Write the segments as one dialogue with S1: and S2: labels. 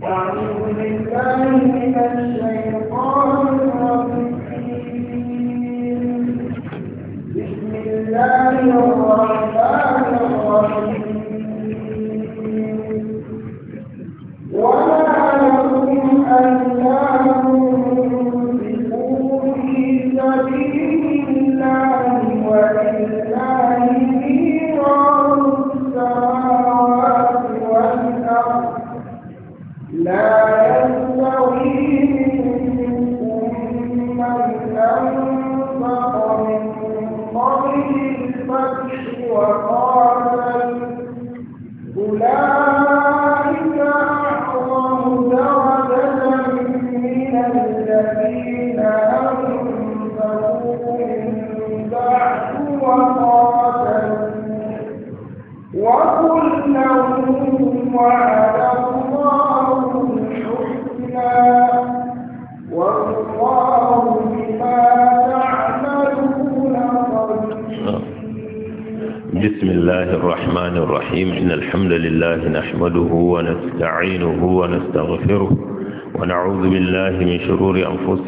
S1: Thank you.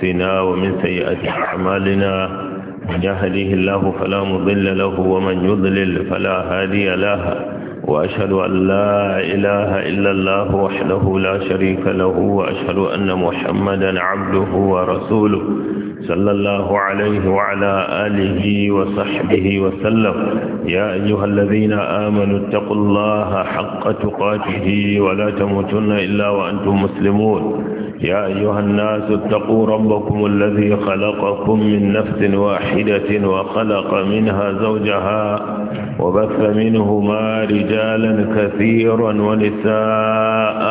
S2: أنفسنا ومن سيئات أعمالنا من يهديه الله فلا مضل له ومن يضلل فلا هادي له وأشهد أن لا إله إلا الله وحده لا شريك له وأشهد أن محمدا عبده ورسوله صلى الله عليه وعلى آله وصحبه وسلم يا أيها الذين آمنوا اتقوا الله حق تقاته ولا تموتن إلا وأنتم مسلمون يا أيها الناس اتقوا ربكم الذي خلقكم من نفس واحدة وخلق منها زوجها وبث منهما رجالا كثيرا ونساء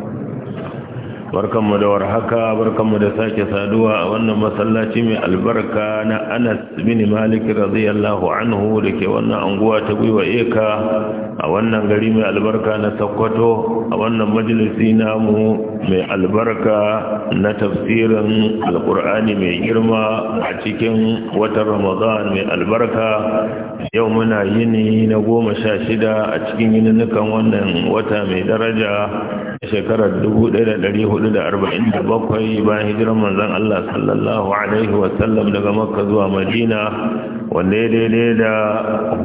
S2: barkanmu da warhaka barkanmu da sake saduwa a wannan masallaci mai albarka na anas bin malik radiyallahu anhu da ke wannan anguwa ta gwiwa eka a wannan gari mai albarka na sokoto a wannan majalisi namu mai albarka na tafsirin alkur'ani mai girma a cikin watan ramadan mai albarka yau muna yini na goma sha shida a cikin yininukan wannan wata mai daraja shekarar 1400 bakwai bayan hijirar manzon Allah sallallahu alaihi Wasallam daga Makka zuwa Madina wanda ya daidai da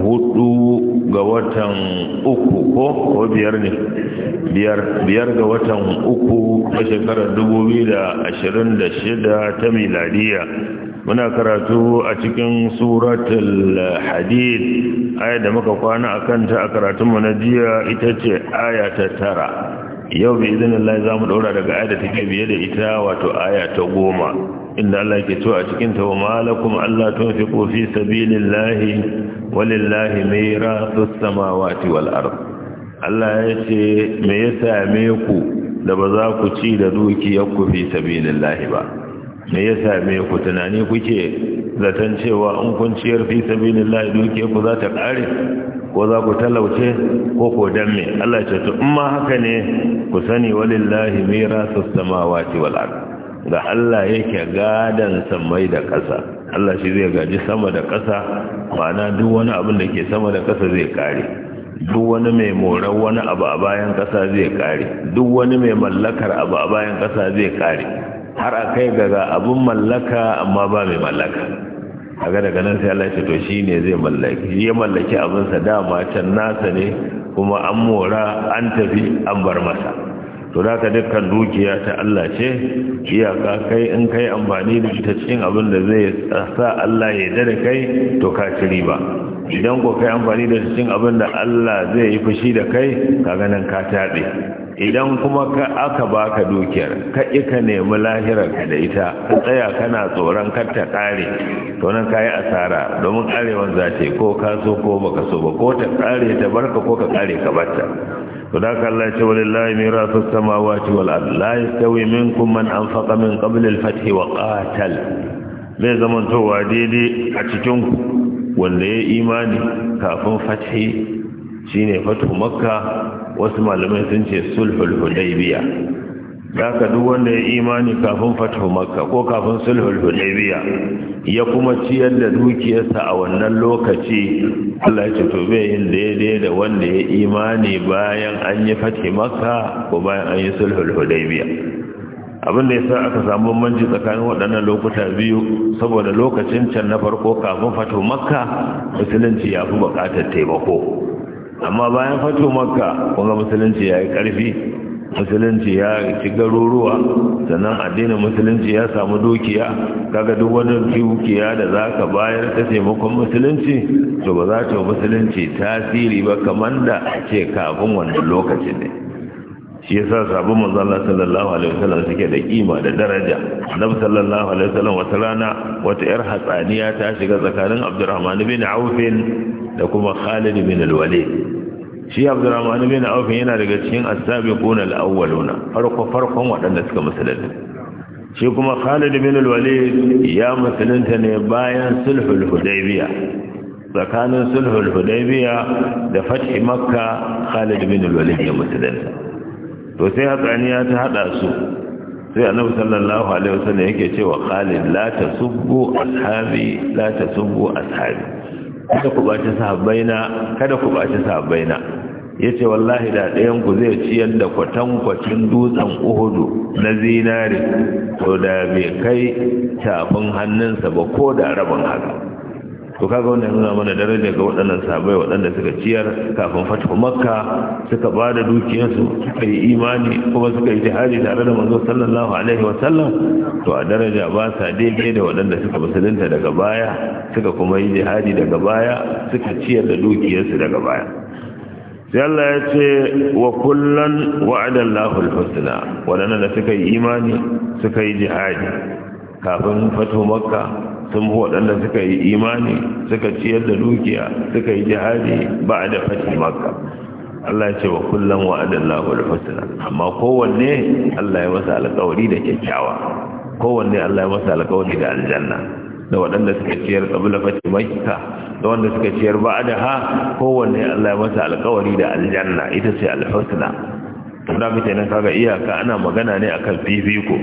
S2: hudu ga watan uku ko ko biyar ne biyar ga watan uku a shekarar shida ta miladiya muna karatu a cikin suratul hadid aya da muka kwana a kanta a karatunmu na jiya ita ce aya ta tara yau bi izinin Allah za mu ɗaura daga aya da take biye da ita wato aya ta goma inda Allah ke cewa a cikin ta wa malakum Allah tun fi kofi sabilillahi walillahi mera samawati wal ard Allah ya ce me ya same ku da ba za ku ci da ya ku fi sabilillahi ba me ya same ku tunani kuke zaton cewa in kun ciyar fi sabilillahi dukiyar ku za ta ƙare ko za ku talauce ko ko danne Allah ce to in ma haka ne ku sani walillahi mirasus samawati wal ard ga Allah yake gadan samai da ƙasa Allah shi zai gaji sama da ƙasa ma'ana duk wani abu da ke sama da ƙasa zai kare duk wani mai morar wani abu a bayan ƙasa zai kare duk wani mai mallakar abu a bayan ƙasa zai kare har a kai gaga abun mallaka amma ba mai mallaka a ga daga nan sai Allah ya ce to shine zai mallaki ya mallaki abin sa dama can nasa ne kuma an mora an tafi an bar masa to da ka dukkan dukiya ta Allah ce iyaka kai in kai amfani da ita cikin abin da zai sa Allah ya dare kai to ka ci riba idan ko kai amfani da cikin abin da Allah zai yi fushi da kai ka ganin ka tabe idan kuma ka aka baka dukiyar ka ika nemi ka da ita ka tsaya kana tsoron kar ta kare to nan kayi asara domin karewan zace ko ka so ko baka so ba ko ta kare ta barka ko ka kare ka barta to da Allah ya ce wallahi mirasu samawati wal ard la yastawi minkum man anfaqa min qabl al fath wa qatal Zai zaman towa daidai a cikin wanda ya imani kafin fathi shine fatu makka wasu malamai sun ce sulhul hudaybiya da ka duk wanda ya imani kafin fatahu makka ko kafin sulhul hudaybiya ya kuma ciyar da dukiyarsa a wannan lokaci Allah ya ce to bai yin daidai da wanda ya imani bayan an yi fatih makka ko bayan an yi sulhul hudaybiya abin da ya sa aka samu manji tsakanin waɗannan lokuta biyu saboda lokacin can na farko kafin fato makka musulunci ya fi buƙatar taimako amma bayan fato makka kuma musulunci ya yi ƙarfi musulunci ya ci garuruwa sannan addinin musulunci ya samu dukiya kaga duk wani dukiya da za ka bayar ta taimakon musulunci to ba za ta musulunci tasiri ba kamar da ce kafin wannan lokacin ne shi yasa sabon manzo Allah sallallahu alaihi wasallam suke da kima da daraja annabi sallallahu alaihi wasallam wata rana wata yar hatsaniya ta shiga tsakanin Abdurrahman bin Aufin da kuma Khalid bin al-Walid shi Abdurrahman bin Aufin yana daga cikin as-sabiquna al-awwaluna farko farkon wadanda suka musulunta shi kuma Khalid bin al-Walid ya musulunta ne bayan sulhul Hudaybiya tsakanin sulhul Hudaybiya da fathi Makka Khalid bin al-Walid ya musulunta to sai ya ta hada su sai annabi sallallahu alaihi wasallam yake cewa khalid la tasubbu ashabi la tasubbu ashabi kada ku bace sahabbaina kada ku bace sahabbaina yace wallahi da ɗayan ku zai ciyar da kwatan kwacin dutsen uhudu na zinare to da bai kai tafin hannunsa ba ko da rabin haka to kaga wannan nuna mana daraja ga waɗannan sahabbai waɗanda suka ciyar kafin fatu makka suka ba da dukiyarsu suka yi imani kuma suka yi jihadi tare da manzo sallallahu alaihi wa sallam to a daraja ba sa daidai da waɗanda suka musulunta daga baya suka kuma yi jihadi daga baya suka ciyar da dukiyarsu daga baya sai Allah ya ce wa kullan Allahu al-husna waɗanda suka yi imani suka yi jihadi kafin fatu makka sun bi waɗanda suka yi imani suka ciyar da dukiya suka yi jihadi ba a da fati maka Allah ce wa kullum wa adallahu da husna amma kowanne Allah ya masa alƙawari da kyakkyawa kowanne Allah ya masa alƙawari da aljanna da waɗanda suka ciyar kabila fati maka da wanda suka ciyar ba da ha kowanne Allah ya masa alƙawari da aljanna ita ce al Tuna mutane kaga iyaka ana magana ne akan fifiko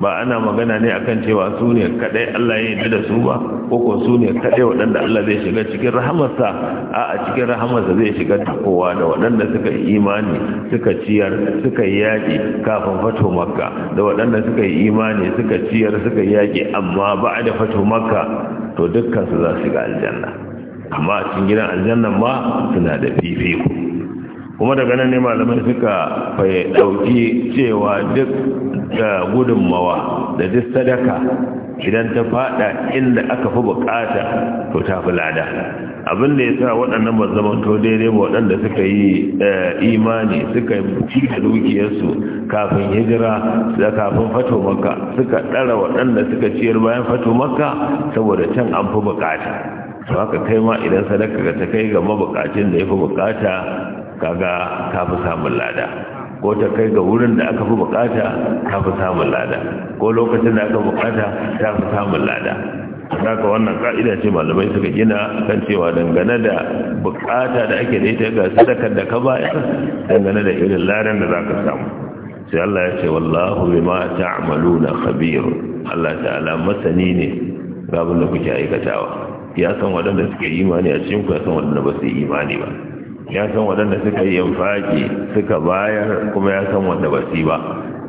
S2: ba ana magana ne akan cewa su ne kadai Allah ya yarda da su ba ko ko su ne kadai waɗanda Allah zai shiga cikin rahamarsa a a cikin rahamarsa zai shiga ta kowa da waɗanda suka yi imani suka ciyar suka yi yaƙi kafin fato makka da waɗanda suka yi imani suka ciyar suka yi yaƙi amma ba da fato makka to dukkan su za su shiga aljanna amma cikin gidan aljannan ma suna da fifiko kuma daga nan ne malamai suka fai dauki cewa duk da gudunmawa da duk sadaka idan ta fada inda aka fi bukata to ta fi lada abin da ya sa waɗannan mazamanto daidai ba waɗanda suka yi eh, imani suka yi da dukiyarsu kafin hijira da kafin fato maka suka ɗara waɗanda suka ciyar bayan fato maka saboda can an fi bukata to haka kai ma idan sadaka ka ta kai ga mabukacin da ya fi bukata kaga ka fi samun lada ko ta kai ga wurin da aka fi bukata ta fi samun lada ko lokacin da aka bukata ta fi samun lada ka wannan ka'ida ce malamai suka gina kan cewa dangane da bukata da ake da ita ga sadakar da ka bayar dangane da irin ladan da za ka samu sai Allah ya ce wallahu bima ta'maluna khabir Allah ta'ala masani ne ga abin da kuke aikatawa ya san waɗanda suke imani a cikin ku ya san waɗanda ba su yi imani ba ya san waɗanda suka yi infaki suka bayar kuma ya san wanda ba ba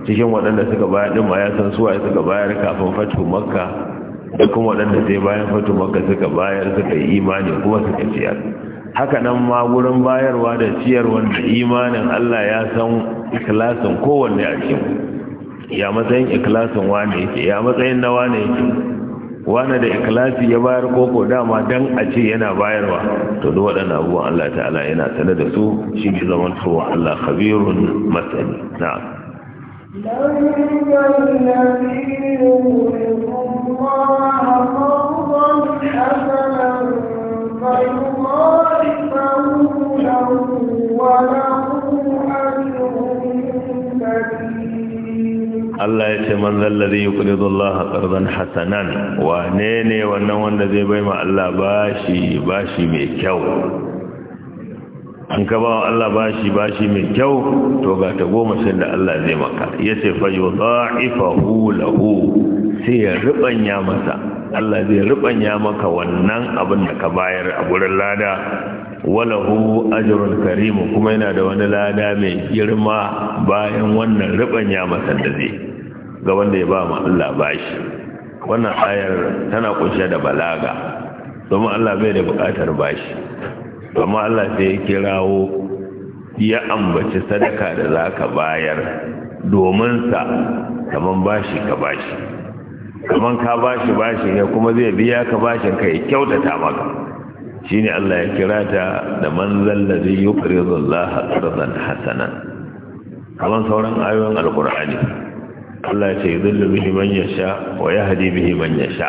S2: cikin waɗanda suka bayar ɗin ma ya san suwa suka bayar kafin fatu makka da kuma waɗanda sai bayan fatu makka suka bayar suka yi imani kuma suka ciyar haka nan ma wurin bayarwa da ciyar wanda imanin Allah ya san ikilasin kowanne a cikin ya matsayin ikilasin wane yake ya matsayin na wane yake wani da ikilasi ya bayar koko dama dan a ce yana bayarwa to duk waɗanda abubuwan Allah ta'ala yana sanar da su shi ne zaman cewa Allah khabirun masani na'am وَلَا Allah ya ce man zalladhi yuqridu Allah qardan hasanan wa ne wannan wanda zai bai ma Allah bashi bashi mai kyau an ka ba Allah bashi bashi mai kyau to ga ta goma sai da Allah zai maka yace fa yudha'ifahu lahu sai ya rubanya masa Allah zai rubanya maka wannan abin da ka bayar a gurin lada walahu ajrun karim kuma yana da wani lada mai girma bayan wannan rubanya masa da zai ga wanda ya ba ma Allah bashi wannan ayar tana kunshe da balaga domin Allah bai da bukatar bashi domin Allah sai ya kirawo ya ambaci sadaka da za ka bayar domin sa kaman bashi ka bashi kaman ka bashi bashi ne kuma zai biya ka bashin ka ya kyautata maka shine Allah ya kira ta da manzal ladhi yuqridu Allah qardan hasanan kaman sauran ayoyin alqur'ani Allah ce yudhillu bihi man yasha wa yahdi bihi man yasha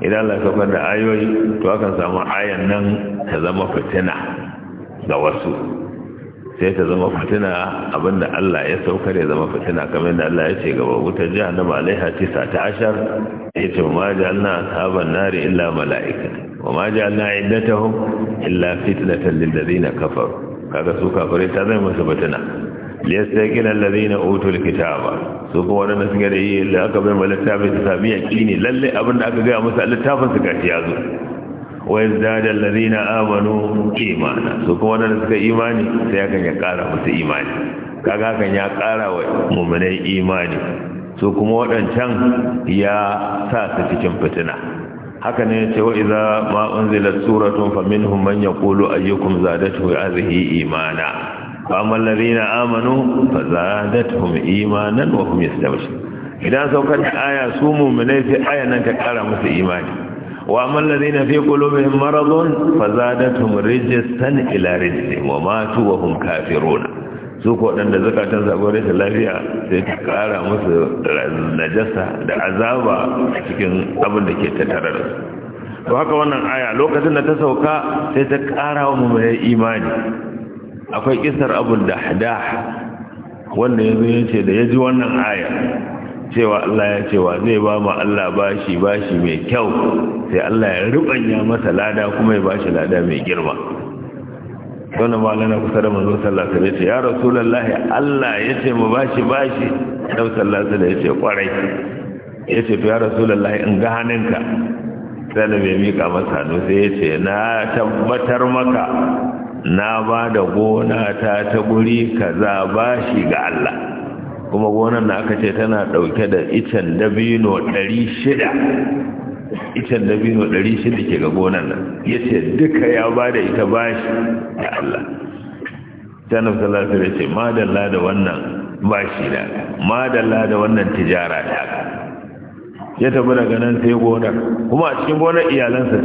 S2: idan Allah ka da ayoyi to akan samu ayan nan ta zama fitina ga wasu sai ta zama fitina abinda Allah ya saukar ya zama fitina kamar da Allah ya ce gaba wutar jahannama alaiha tisa ta ashar ya ce ma ja'alna ashaban nari illa mala'ika wa ma ja'alna iddatahum illa fitnatan lil ladina kafaru kaga su kafare ta zama fitina liyastaqil alladhina utul kitaba su kuma wannan suka da yi da aka bai littafin su sami ne lalle abin da aka gaya musu littafin su gashi Wai wa yazdada alladhina amanu imana su kuma wannan suka imani sai hakan ya kara musu imani kaga hakan ya kara wa mu'minai imani su kuma wadancan ya sa su cikin fitina haka ne ce wa idza ma unzilat suratun faminhum man yaqulu ayyukum zadatu hadhihi imana فأما الذين آمنوا فزادتهم إيمانا وهم يستبشرون idan saukar da aya su mummunai sai aya nan ta kara musu imani wa amma alladhina fi qulubihim maradun fazadatuhum rijsan ila rijsihim wa matu wa hum kafirun su ko dan da zakatan sabon rashin lafiya sai ta kara musu najasa da azaba a cikin abin da ke tattare da su haka wannan aya lokacin da ta sauka sai ta kara wa mummunai imani akwai kisar abun da wanda ya zai ya ce da ya ji wannan aya cewa Allah ya cewa zai ba mu Allah bashi bashi mai kyau sai Allah ya rubanya masa lada kuma ya bashi lada mai girma don malana kusa da manzo sallallahu alaihi wasallam ya rasulullahi Allah ya ce mu bashi bashi dan sallallahu alaihi wasallam ya ce kwarai ya ce to ya rasulullahi in ga hannunka sai da bai mika masa hannu sai ya ce na tabbatar maka na ba da gona ta ta guri kaza bashi ga Allah kuma gonar da aka ce tana dauke da icen dabino 600 icen dabino 600 ke ga gonar nan yace duka ya ba da ita bashi ga Allah Janab sallallahu alaihi wasallam ma dalla da wannan bashi da ma dalla da wannan tijara ta ya tabbata ganin sai gonar kuma a cikin gonar iyalansa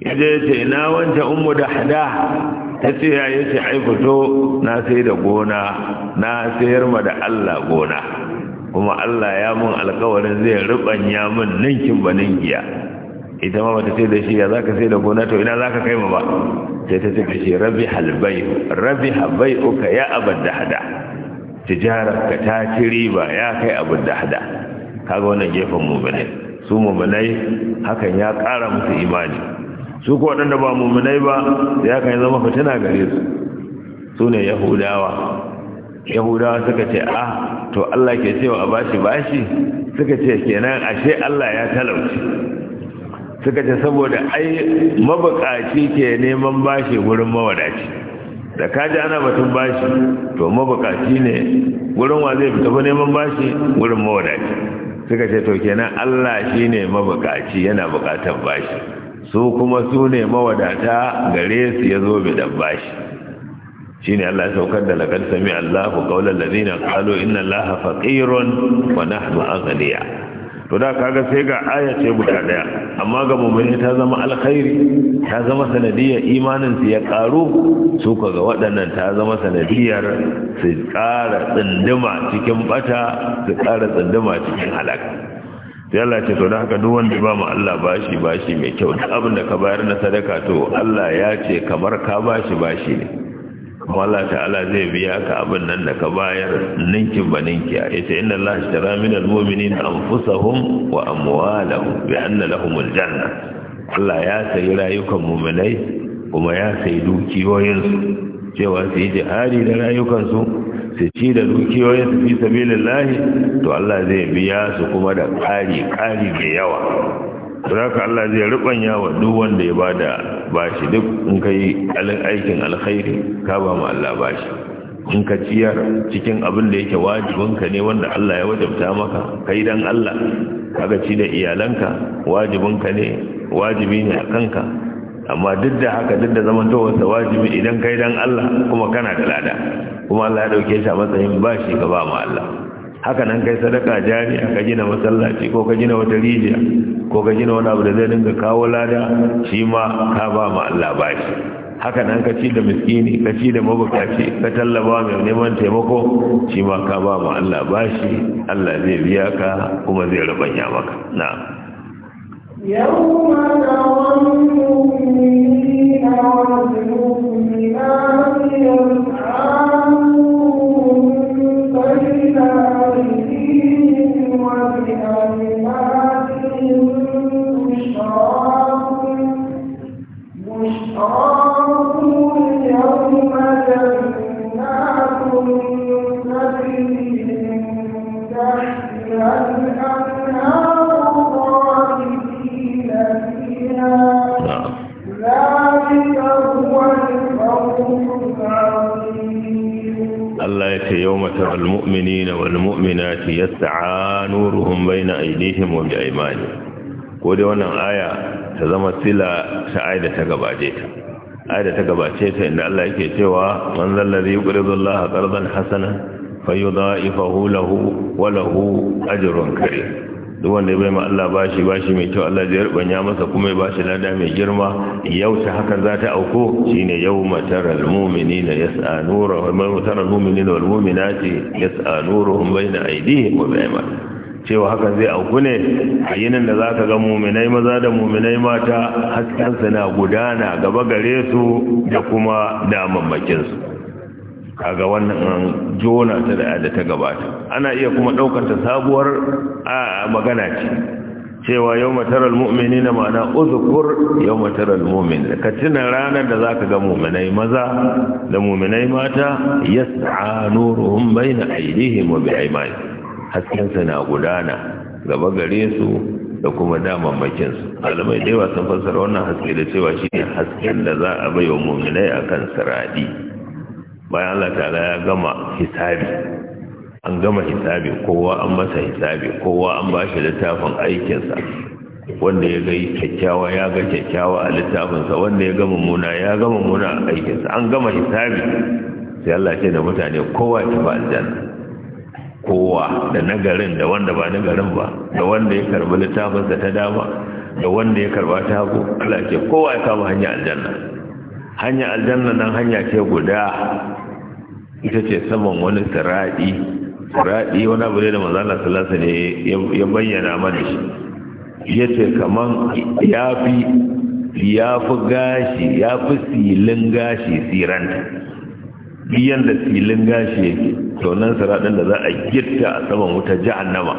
S2: ya je ina wancan ummu da hada ta ce ya yi ce ai fito na sai da gona na sayar ma da Allah gona kuma Allah ya mun alkawarin zai rubanya mun ninkin ba giya. ita ma bata sai da shi ya zaka sai da gona to ina zaka kai ma ba sai ta ce kashi rabi halbai rabi Habay uka ya abad da hada tijarar ka ta ci riba ya kai abad da hada kaga wannan gefen mu bane su mu bane hakan ya kara musu imani su ko waɗanda ba mummunai ba ya kan zama fitina gare su su ne yahudawa yahudawa suka ce a ah, to Allah ke cewa a bashi bashi suka ce kenan ashe Allah ya talauci suka ce saboda ai mabukaci ke neman bashi wurin mawadaci da kaji ana batun bashi to mabukaci ne wurin wa zai fita ba neman bashi wurin mawadaci suka ce to kenan Allah shi ne mabukaci yana bukatar bashi su kuma su ne mawadata gare su ya zo bi dan bashi shine Allah ya saukar da laqad sami da qawla allazina qalu inna Allaha faqirun wa nahnu aghniya to da kaga sai ga aya ce guda daya amma ga mu'mini ta zama alkhairi ta zama sanadiyar imanin su ya karu su ga waɗannan ta zama sanadiyyar su ƙara tsinduma cikin bata su ƙara tsinduma cikin halaka sai Allah ce to da haka duk wanda ba mu Allah bashi bashi mai kyau duk abin da ka bayar na sadaka to Allah ya ce kamar ka bashi bashi ne kuma Allah ta'ala zai biya ka abin nan da ka bayar ninkin ba ninki a yace inna Allah ishtara min almu'minina anfusahum wa amwalahum bi anna lahumul janna Allah ya sayi rayukan mu'minai kuma ya sayi dukiyoyinsu cewa su yi jihadi da rayukansu su ci da dukiyoyin su fi sabilillahi to Allah zai biya su kuma da ƙari ƙari mai yawa ka Allah zai rubanya wa duk wanda ya bada bashi duk in kai alin aikin alkhairi ka ba mu Allah bashi in ka ciyar cikin abin da yake wajibinka ne wanda Allah ya wajabta maka kai dan Allah kaga ci da iyalanka wajibinka ne wajibi ne a kanka amma duk da haka duk da zaman towarsa wajibi idan kai dan Allah kuma kana da lada kuma Allah ya dauke shi a matsayin bashi ka ba mu Allah haka nan kai sadaka jari ka gina masallaci ko ka gina wata rijiya ko ka gina wani abu da zai dinga kawo lada shi ma ka ba mu Allah bashi haka nan ka ci da miskini ka ci da mabukaci ka tallaba mai neman taimako shi ma ka ba mu Allah bashi Allah zai biya ka kuma zai rubanya maka na'am
S1: يوم ترى المؤمنين والمؤمنات
S2: yau يوم ترى المؤمنين والمؤمنات يسعى نورهم بين أيديهم ko dai wannan aya ta zama sila ta aida ta gabace aida ta gabace inda Allah yake cewa man zallazi yuqridu Allah qardan hasana fayudha'ifahu lahu wa lahu ajrun karim duk wanda bai ma Allah bashi bashi mai kyau Allah zai rubanya masa kuma ya bashi lada mai girma yau ta haka za ta auko shine yau taral mu'minina yas'a nuruhum yawma taral mu'minina wal mu'minati yas'a nuruhum baina aydihim wa bi'aymani cewa haka zai auku ne a yinin da zaka ga muminai maza da muminai mata haskensu na gudana gaba gare su da kuma damammakinsu kaga wannan jona ta da ta gabata ana iya kuma daukar ta sabuwar magana ce cewa yau mataral mu'mini na ma'ana uzukur yau mataral mu'min ka tuna ranar da za ka ga mu'minai maza da mu'minai mata yas'a nuruhum baina aydihim wa bi'aymanihim hasken sa na gudana gaba gare su da kuma bakin su malamai da yawa sun fassara wannan haske da cewa shine hasken da za a bai wa mu'minai akan siradi bayan Allah ta'ala ya gama hisabi an gama hisabi kowa an masa hisabi kowa an ba shi littafin aikinsa wanda ya ga kyakkyawa ya ga kyakkyawa a littafinsa wanda ya gama muna ya gama muna a aikinsa an gama hisabi sai Allah ce da mutane kowa ta ba aljanna kowa da nagarin da wanda ba nagarin ba da wanda ya karbi littafinsa ta dama da wanda ya karba ta hagu Allah ce kowa ya kama hanya aljanna hanya aljanna nan hanya ce guda ita ce saman wani tsiraɗi tsiraɗi wani abu ne da mazana salasa ne ya bayyana mana shi ya ce kaman ya fi ya fi gashi ya fi silin gashi siranta biyan da silin gashi to da za a gitta a saman wuta jahannama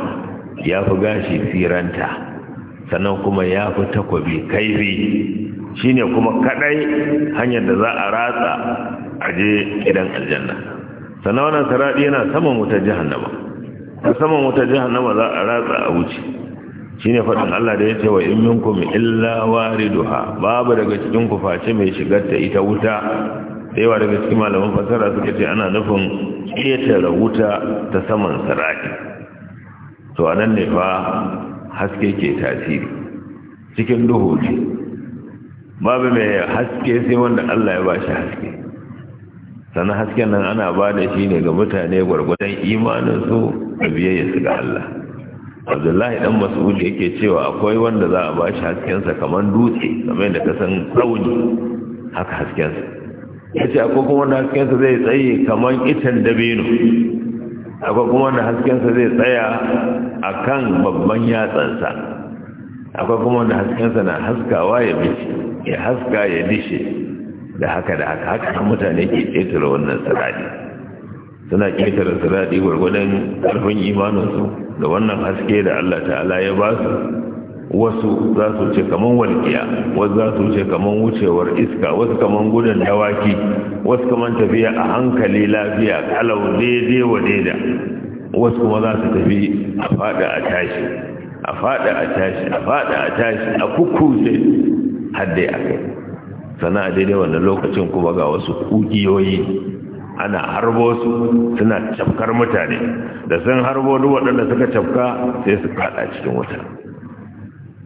S2: ya fi gashi siranta sannan kuma ya fi takwabi kaifi shine kuma kadai hanyar da za a ratsa aje gidan aljanna sannan wannan saradi yana saman wutar jahannama a saman wutar jahannama za a ratsa a wuce shine faɗin Allah da yace wa in minkum illa wariduha babu daga cikin ku face mai shigar ta ita wuta sai wa daga cikin malaman fasara suka ce ana nufin ƙetare wuta ta saman saradi to anan ne fa haske ke tasiri cikin duhu ne babu mai haske sai wanda Allah ya ba shi haske sannan hasken nan ana ba da shi ne ga mutane gwargwadon imaninsu a biyayya su ga Allah abdullahi dan mas'ud yake cewa akwai wanda za a bashi haskensa kamar dutse kamar yadda ka san tsauni haka haskensa ya ce akwai kuma wanda haskensa zai tsaye kamar itan dabino akwai kuma wanda haskensa zai tsaya a kan babban yatsansa akwai kuma wanda haskensa na haskawa ya bishi ya haska ya dishe da haka da haka haka mutane ke ƙetare wannan sirari suna ƙetare sirari gwargwadon ƙarfin imaninsu da wannan haske da Allah ta'ala ya ba su wasu za su ce kaman walƙiya wasu za su ce kaman wucewar iska wasu kaman gudun dawaki wasu kaman tafiya a hankali lafiya kalau daidai wa daida wasu kuma za su tafi a fada a tashi a fada a tashi a fada a tashi a kukkuse har dai a kai sana a daidai wannan lokacin kuma ga wasu kugiyoyi ana harbo su suna cafkar mutane da sun harbo duk waɗanda suka cafka sai su kada cikin wuta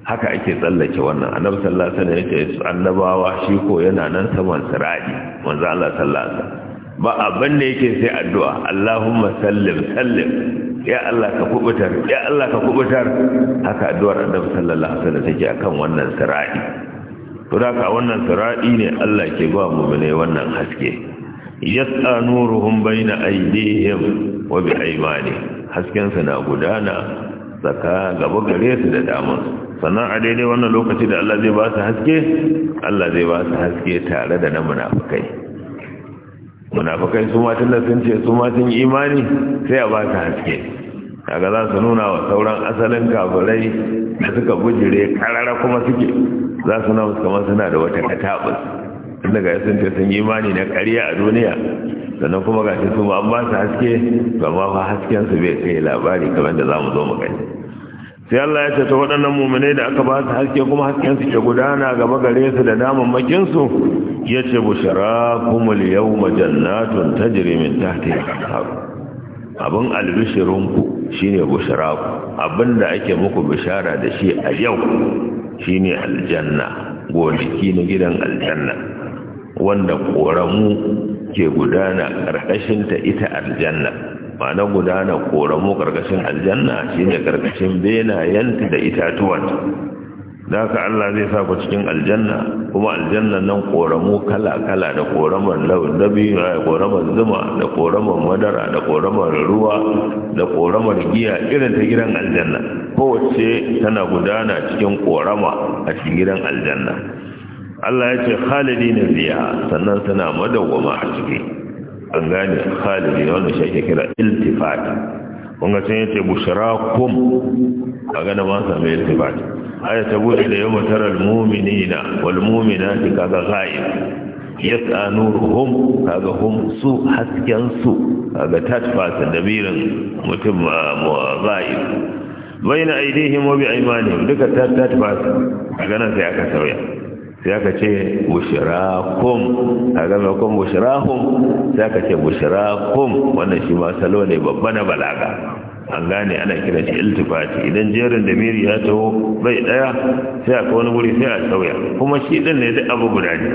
S2: haka ake tsallake wannan annabi sallallahu alaihi wasallam yake annabawa shi ko yana nan saman sirati manzo Allah sallallahu alaihi wasallam ba abin da yake sai addu'a Allahumma sallim sallim ya Allah ka kubutar ya Allah ka kubutar haka addu'ar annabi sallallahu alaihi wasallam take akan wannan sirati to da ka wannan sira'i ne Allah ke ba mu bane wannan haske yas'a nuruhum baina aydihim wa bi aymani hasken sa na gudana saka gaba gare su da dama sannan a daidai wannan lokaci da Allah zai ba su haske Allah zai ba su haske tare da na munafikai munafikai su ma tunda sun ce su ma sun imani sai a ba su haske kaga za su nuna wa sauran asalin kafirai da suka bujire karara kuma suke za su na musu kamar suna da wata katabus inda ga sun ta sun yi imani na ƙarya a duniya sannan kuma ga shi su ma an ba su haske ba ma fa hasken su bai kai labari kamar da za mu zo mu gani sai Allah ya ce waɗannan muminai da aka ba su haske kuma hasken su ke gudana gaba gare su da naman su ya ce bushara kuma yawma jannatun tajri min ta al abin albishirinku shine busharaku abinda ake muku bishara da shi a yau shine aljanna gonaki na gidan aljanna wanda koramu ke gudana ƙarƙashin ta ita aljanna na gudana koramu ƙarƙashin aljanna shine ƙarƙashin benayenta da itatuwanta da haka Allah zai sa ku cikin aljanna kuma aljanna nan koramu kala-kala da koraman laudabi da koraman zuma da koraman madara da koraman ruwa da koraman giya irin ta gidan aljanna kowace tana gudana cikin korama a cikin gidan aljanna Allah ya ce khalidi na sannan suna madawwama a ciki an gane khalidi wanda shi ake kira iltifat kun ga sun yace bushrakum kaga na ma same iltifat aya ta bude da yawma taral mu'minina wal mu'minati kaga ghaib yas'a nuruhum kaga hum su hasken su kaga da dabirin mutum ah, ah, ghaib baina aidihim wa bi aymanihim duka tatfasa a nan sai aka sauya sai aka ce bushirakum a mai kuma bushirahum sai aka ce bushirakum wannan shi ma salo ne babba na balaga an gane ana kira shi iltifati idan jerin da miri ya taho bai daya sai aka wani wuri sai a sauya kuma shi din ne duk abu guda ne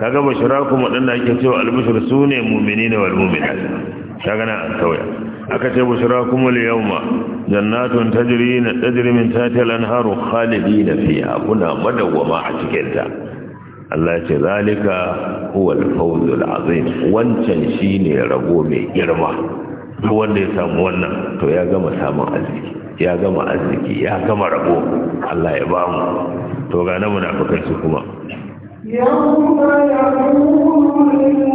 S2: kaga bashira kuma dan da cewa albashir sune mu'minina wal mu'minat kaga na an sauya aka ce bashira kuma li yawma jannatun tajri na tajri min tahtiha al-anharu khalidina fiha kuna madawwama a cikin ta Allah ce zalika huwa al-fawzul azim wancan shine rago mai girma duk wanda ya samu wannan to ya gama samun arziki ya gama arziki ya gama rabo Allah ya ba mu to ga na
S1: munafikai su kuma yawma yaqulu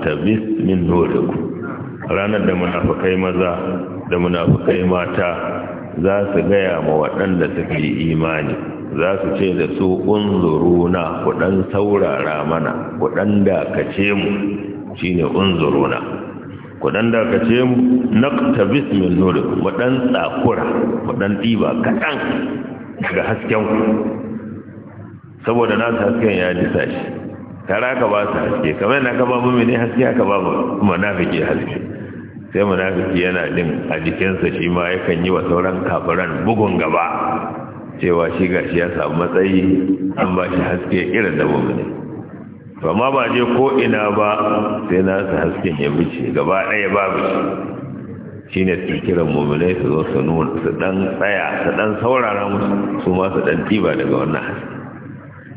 S2: tabis min nurikum ranar da munafikai maza da munafikai mata za su gaya ma waɗanda suke yi imani za su ce da su unzuruna ku dan saurara mana ku dan dakace mu shine unzuruna ku dan dakace mu naqtabis min nurikum mu dan tsakura mu dan diba kadan daga hasken ku saboda nasu hasken ya nisa shi tara ka ba su haske kamar yana ka ba mene haske aka ba mu munafiki haske sai munafiki yana din a jikinsa shi ma yakan yi wa sauran kafiran bugun gaba cewa shi gashi ya samu matsayi an ba shi haske irin da mumini ba ma ba je ko ina ba sai na nasu hasken ya wuce gaba ɗaya ba shi shi ne su kiran mummunai su zo su nuna su ɗan tsaya su dan saurara musu su ma su dan tiba daga wannan haske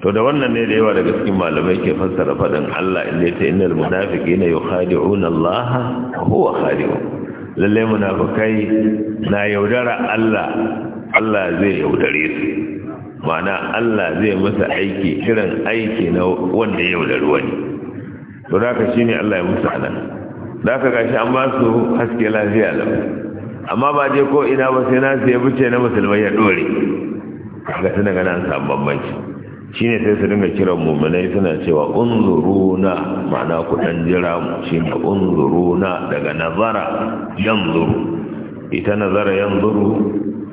S2: to da wannan ne da yawa daga cikin malamai ke fassara faɗin Allah inda ya ce innal munafiqina yukhadi'una Allah wa huwa khadi'u lalle munafikai na yaudara Allah Allah zai yaudare su ma'ana Allah zai masa aiki irin aiki na wanda yaudari wani to ka shine Allah ya musu anan ka gashi an ba su haske lafiya lam amma ba je ko ina ba sai na sai bice na musulmai ya dore ga tun daga nan samu bambanci Shi ne sai su dinga kiran muminai suna cewa unzuruna ma'ana ku dan jira mu shine unzuruna daga nazara yanzuru ita nazara yanzuru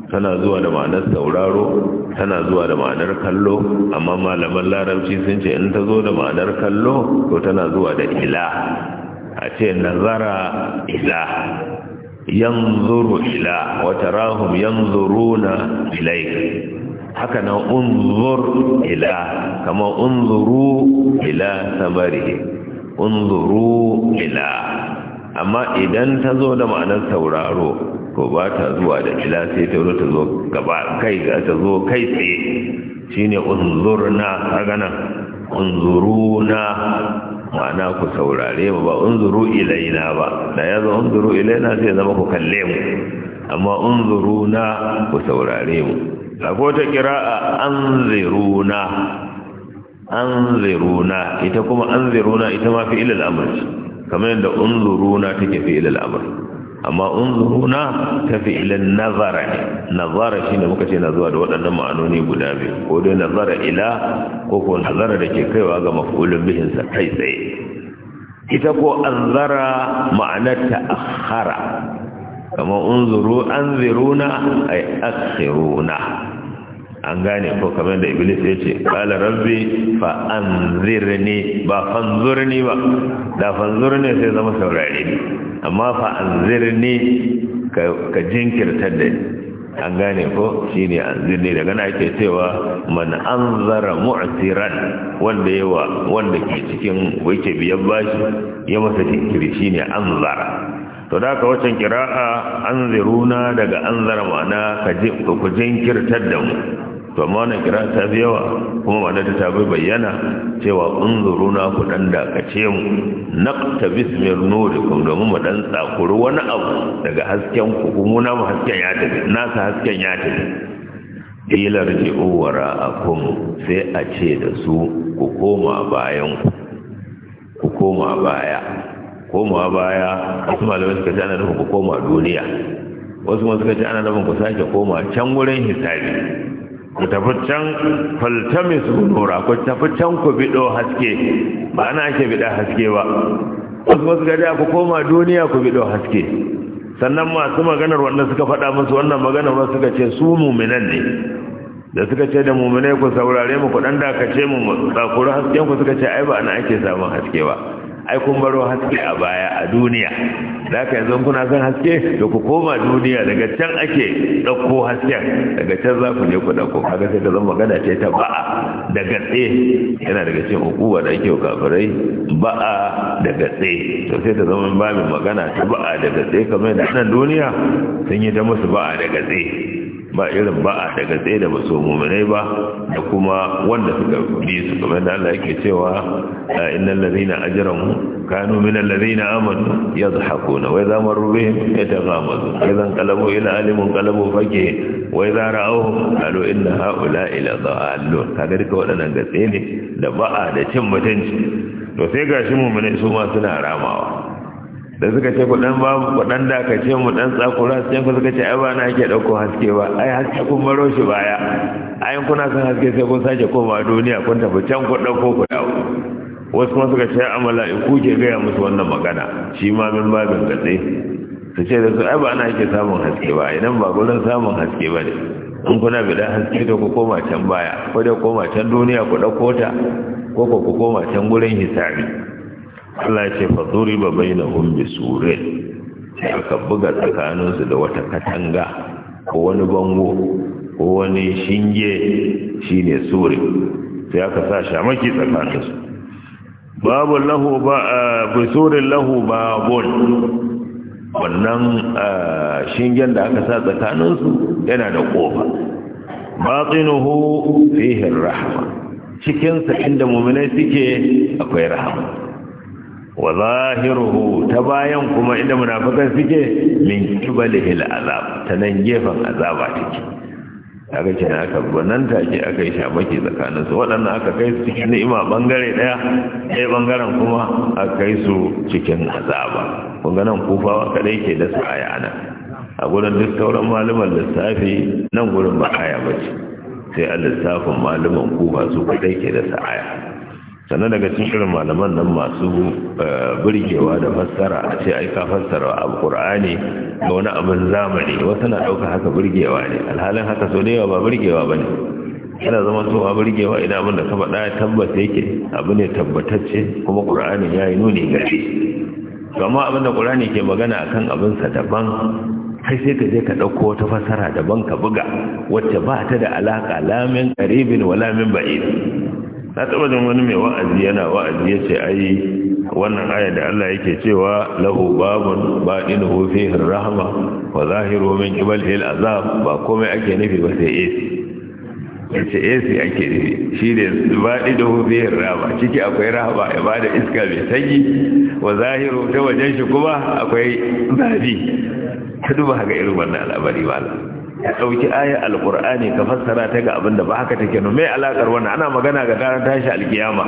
S2: tana zuwa da ma'anar sauraro tana zuwa da ma'anar kallo amma malaman larabci sun ce in ta zo da ma'anar kallo ko tana zuwa da ila a ce nazara ila yanzuru ila wata rahum yanzuruna ilai haka nan unzur ila kama unzuru ila samarihi unzuru ila amma idan ta zo da ma'anar sauraro ko ba ta zuwa da ila sai ta zo ta zo gaba kai ga ta zo kai tsaye shine unzurna haka nan unzuruna ma'ana ku saurare mu ba unzuru ilaina ba da ya zo unzuru ilaina sai zama ku kalle mu amma unzuruna ku saurare mu ko ta kira'a anziruna anziruna ita kuma anziruna ita ma fi ilal amr kamar yadda unzuruna take fi ilal amr amma unzuruna ta fi ilal nazara ne nazara shine muka ce na zuwa da waɗannan ma'anoni guda biyu ko dai nazara ila ko ko nazara da ke kaiwa ga maf'ulun bihin sa kai tsaye ita ko anzara ma'anar ta akhara kama unzuru anziruna ay akhiruna an gane ko kamar da iblis ya ce qala rabbi fa anzirni ba fanzurni ba da fanzurni sai zama saurare ni amma fa anzirni ka jinkirta da an gane ko shine anzirni daga na ake cewa man anzara mu'tiran wanda yawa wanda ke cikin wake biyan bashi ya masa jinkiri shine anzara to da ka wacan kira'a an ziruna daga an zara ma'ana ku jinkirtar da mu to amma wannan kira ta fi yawa kuma ma'ana ta tabi bayyana cewa in zuruna ku dan dakace mu naqta bismir nurikum domin mu dan tsakuri wani abu daga hasken ku kuma na mu hasken ya tafi nasa hasken ya tafi ila rji'u wara'akum sai a ce da su ku koma bayan ku koma baya komawa baya wasu malamai suka ce ana nufin ku koma duniya wasu ma suka ce ana nufin ku sake koma can wurin hisabi ku tafi can faltami su nura ku tafi can ku bido haske ba ana ake bida haske ba wasu ma suka ce ku koma duniya ku bido haske sannan masu maganar wanda suka faɗa musu wannan maganar wasu suka ce su muminan ne da suka ce da muminai ku saurare mu ku ɗan dakace mu tsakuri hasken ku suka ce ai ba ana ake samun haske ba ai kun baro haske a baya a duniya da ka yanzu kuna son haske to ku koma duniya daga can ake ɗauko hasken daga can za ku je ku ɗauko kaga sai ka zama magana ce ta ba'a da gatse yana daga cikin hukuma da ake kafirai ba'a da gatse to sai ta zama mai magana ta ba'a da gatse kamar da nan duniya sun yi ta musu ba'a da gatse ba irin ba'a daga tsaye da baso mummunai ba da kuma wanda suka bi su kamar da Allah yake cewa A innal ladhina ajramu kanu minal ladhina amanu yadhhakuna wa idha marru bihim yataghamazun wa idha qalabu ila alimin qalabu fake wa idha ra'awhum qalu inna haula ila dhallun kaga duka wadannan gatse ne da ba'a da cin mutunci to sai gashi mummunai. su ma suna ramawa da suka ce kudin ba mu da ka ce mu dan tsakura sai ku suka ce ai ba na ake dauko haske ba ai haske kun baro shi baya ai kuna san haske sai kun sake koma duniya kun tafi can ku dauko ku dawo wasu kuma suka ce amala in ku ke gaya musu wannan magana shi ma min babin gatsi su ce da su ai ba na ake samun haske ba idan ba gurin samun haske ba ne in kuna bi dan haske da ku koma can baya ko da koma can duniya ku dauko ta ko ku koma can gurin hisabi Allah ya ce fa na bainahum sure. sai aka buga tsakaninsu da wata katanga ko wani bango ko wani shinge shine sure sai aka sa shamaki tsakaninsu babu lahu ba bisurin lahu bon wannan shingen da aka sa tsakaninsu yana da kofa batinuhu fihi rahma cikin sa inda mu'minai suke akwai rahama wa zahiruhu ta bayan kuma inda munafikan suke min kibalihil azab ta nan gefen azaba take aka ce aka ta take aka yi shamaki tsakanin su waɗannan aka kai su cikin ni'ima bangare daya ɗaya bangaren kuma aka kai su cikin azaba kun ga nan kufawa kadai ke da su aya ana a gurin duk sauran malaman lissafi nan gurin ba aya bace sai a lissafin malaman kufa su kadai ke da su sannan daga cikin irin malaman nan masu eh, birgewa da fassara a ce ai ka fassara alqur'ani ga wani abin zamani wasu na dauka haka birgewa ne alhalin haka so ba ba ne. yana zama so a birgewa idan abin da ka ɗaya tabbata yake abu ne tabbatacce kuma qur'ani ya yi nuni ga shi amma abin da qur'ani ke magana akan abin sa daban kai sai ka je ka ɗauko wata fassara daban ka buga wacce ba ta da alaka lamin qaribin wala min ba'id na taba jin wani mai wa'azi yana wa'azi yace ai wannan aya da Allah yake cewa lahu babun hu fihi rahma wa zahiru min qibali al'azab ba komai ake nufi ba sai AC yace sai ake nufi shi da hu fihi rahma ciki akwai rahma ibada iska mai sanyi wa zahiru ta wajen shi kuma akwai zafi ta duba haka irin wannan al'amari malam ka ɗauki ayar alƙur'ani ka fassara ta ga abinda ba haka take no Me alaƙar wannan ana magana ga ranar tashi alkiyama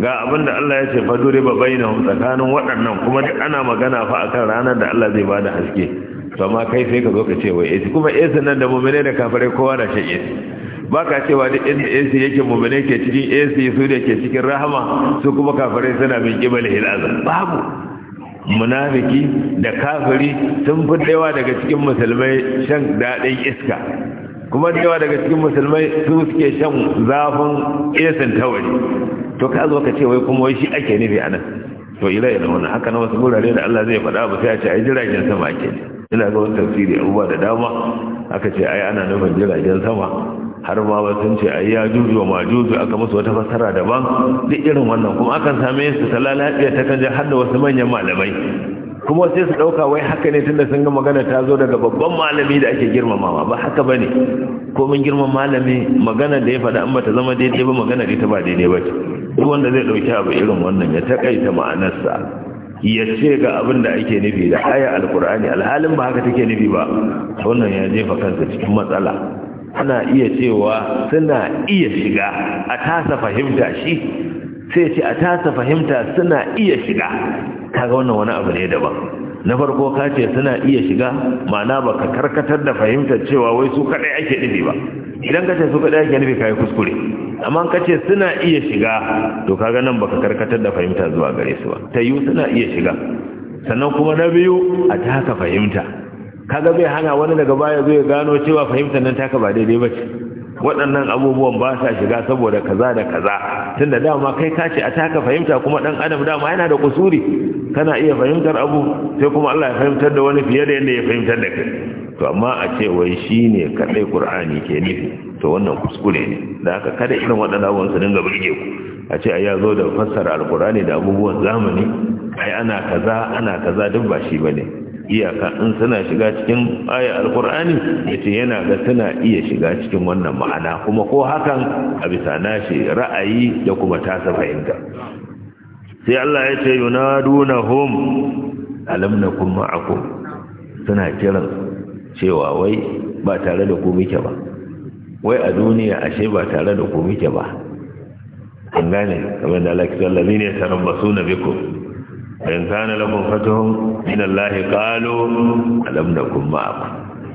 S2: ga abinda Allah ya ce fadure ba bainahum tsakanin waɗannan kuma duk ana magana fa akan ranar da Allah zai bada haske to amma kai sai ka zo ka ce wai esi kuma esi nan da mu'mine da kafirai kowa na shi esi ba ka cewa duk inda esi yake mu'mine ke cikin esi su da ke cikin rahama su kuma kafirai suna bin kibal hilaza babu munafiki da kafiri sun fi daewa daga cikin musulmai shan daɗin iska kuma daewa daga cikin musulmai su suke shan zafin esin tawari to ka zo ka ce wai kuma wai shi ake nufi anan to ila ila wannan haka na wasu gurare da Allah zai faɗa ba sai a ce ai jiragen sama ake ina ga wani tafsiri abubuwa da dama aka ce ai ana nufin jiragen sama har ma sun ce yi ya juju wa majuju aka musu wata fassara daban duk irin wannan kuma akan same su ta lalabiya ta kan har da wasu manyan malamai kuma sai su ɗauka wai haka ne tunda sun ga magana ta zo daga babban malami da ake girmamawa ba haka bane ko mun girman malami magana da ya faɗa an bata zama daidai ba magana da ta ba daidai ba duk wanda zai dauki abu irin wannan ya takaita ma'anarsa ya ce ga abin da ake nufi da aya alkur'ani alhalin ba haka take nufi ba wannan ya jefa kansa cikin matsala ana iya cewa suna iya shiga a tasa fahimta shi sai ce a tasa fahimta suna iya shiga ga wannan wani abu ne daban na farko ka ce suna iya shiga ma'ana ka karkatar da fahimtar cewa wai su kadai ake nufi ba idan ka ce su kadai ake nufi kai kuskure amma ka ce suna iya shiga to ka ga nan ba ka karkatar da fahimta zuwa gare su ba ta suna iya shiga sannan kuma na biyu a ta haka fahimta kaga bai hana wani daga baya zai gano cewa fahimtar nan taka ba daidai ba ce waɗannan abubuwan ba sa shiga saboda kaza da kaza tunda dama kai ka ce a taka fahimta kuma ɗan adam dama yana da kusuri kana iya fahimtar abu sai kuma Allah ya fahimtar da wani fiye da yadda ya fahimtar da kai to amma a ce wai shine kadai Qur'ani ke nufi to wannan kuskure ne da haka kada irin waɗannan abubuwan su dinga burge ku a ce ai ya zo da fassara alkurani da abubuwan zamani ai ana kaza ana kaza duk ba shi bane iyaka in suna shiga cikin aya alkur'ani ya ce yana ga suna iya shiga cikin wannan ma'ana kuma ko hakan a bisa nashi ra'ayi da kuma tasa fahimta sai Allah ya ce yunadunahum alam nakum ma'akum suna kiran cewa wai ba tare da ku muke ba wai a duniya ashe ba tare da ku muke ba an gane kamar da Allah ya ce allazina yatarabbasu bikum وإن كان لكم fatuhum من الله قالوا ألم نكن معكم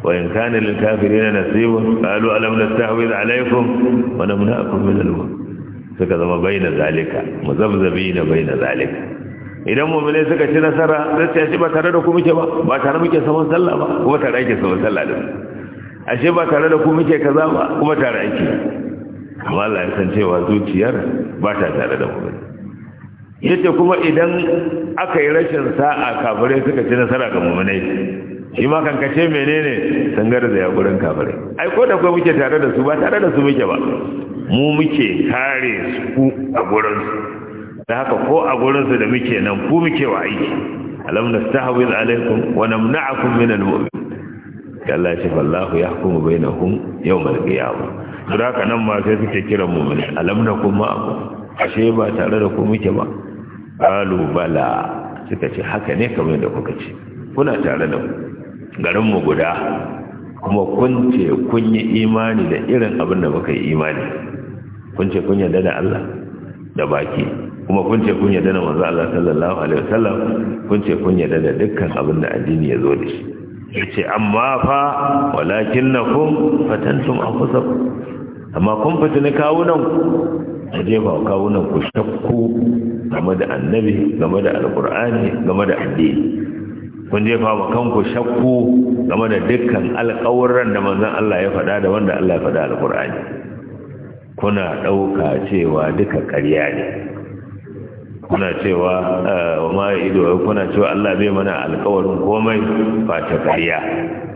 S2: وإن كان للكافرين lil قالوا ألم نستحوذ عليكم ونمنعكم من wa namna'akum min al-mulk suka zama baina zalika muzabzabina baina zalika idan mu'mine suka ci nasara sai ta ci ba tare da ku muke ba ba tare muke saman sallah ba kuma tare ake saman sallah din ashe ba tare da ku muke kaza ba kuma tare ake amma Allah ya san cewa zuciyar ba ta tare da mu yace kuma idan aka yi rashin sa'a kafirai suka ci nasara ga mummunai shi ma kankace menene sangar da yakurin kafirai ai ko da kai muke tare da su ba tare da su muke ba mu muke kare su a gurin su da haka ko a gurin su da muke nan ku muke wa aiki alam nastahwil alaikum wa namna'akum min almu'min kalla shi fallahu yahkumu bainakum yawmal qiyamah to haka nan ma sai suke kiran mu'min alam nakum ma'akum ashe ba tare da ku muke ba kalu bala suka ce haka ne kamar da kuka ce kuna tare da garin mu guda kuma kun ce kun yi imani da irin abin da muka yi imani kun ce kun yarda da Allah da baki kuma kun ce kun yarda da manzo Allah sallallahu alaihi wasallam kun ce kun yarda da dukkan abin da addini ya zo da shi yace amma fa walakinnakum fatantum anfusakum amma kun fitina kawunan a jefa wa kawunan ku shakku game da annabi game da alkur'ani game da addini kun jefa wa kanku shakku game da dukkan alƙawurran da manzon Allah ya faɗa da wanda Allah ya faɗa alkur'ani kuna ɗauka cewa duka ƙarya ne kuna cewa eh, wa ma ido kuna cewa Allah bai mana alƙawarin komai ba ta ƙarya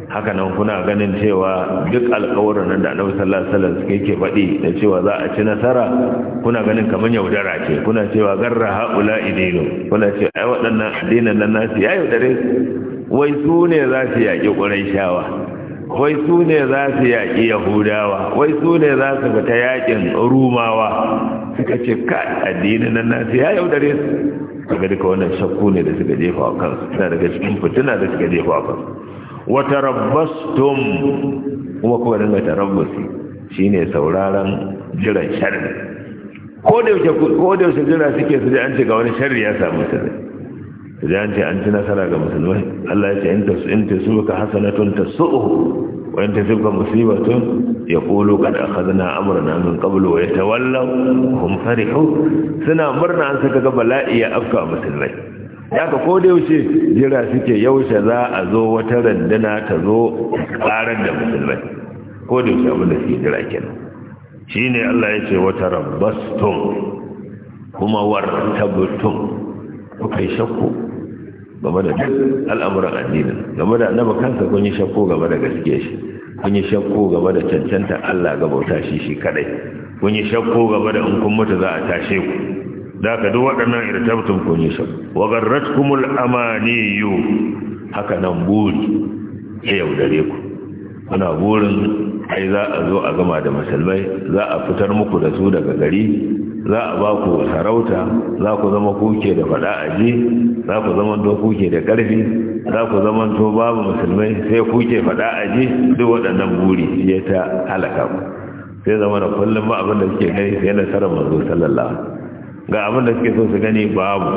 S2: haka nan kuna ganin cewa duk alƙawarin nan da Annabi sallallahu alaihi wasallam suka yake faɗi da cewa za a ci nasara kuna ganin kamar yaudara ce kuna cewa garra haula idinu kuna cewa ai waɗannan addinan nan nasu ya yaudare wai su ne za su yaƙi ƙurai shawa wai su ne za su yaƙi yahudawa wai su ne za su fita yaƙin rumawa suka ce ka addinin nan nasu ya yaudare su daga duka wannan shakku ne da suka jefa wa kansu suna daga cikin fituna da suka jefa wa kansu Wata rabbastum kuma ta dinga shi shine sauraron jiran shari'a. ko da yaushe jira suke su ji an ce ga wani shari'a ya samu idan ce an ci nasara ga musulmai Allah ya ce in tasu in tasu ka hasanatun tasu'u wa in tasu ka musibatun yaqulu qad akhadna amrana min qablu wa yatawallaw hum farihu suna murna an saka ga bala'i ya afka musulmai haka ko da yaushe jira suke yaushe za a zo wata randuna ta zo karar da musulmai ko da yaushe abin da suke jira kenan shine Allah ya ce wata rabbastum kuma wartabtum kuka yi shakku game da duk al'amuran addinin game da na kansa kun yi shakku game da gaskiya shi kun yi shakku game da cancanta Allah ga bauta shi shi kadai kun yi shakku game da in kun mutu za a tashe ku da ka duk waɗannan irtabtun kun yi shakku wa garratkumul amaniyu haka nan buri ya yaudare ku Kuna burin ai za a zo a gama da musulmai za a fitar muku da su daga gari za a ba ku sarauta za ku zama kuke da faɗa aji za ku zama to kuke da ƙarfi za ku zama to babu musulmai sai kuke faɗa aji duk waɗannan buri ya ta halaka ku sai zama da kullum ba abin da suke gani sai nasarar manzo sallallahu ga abin da suke so su gani babu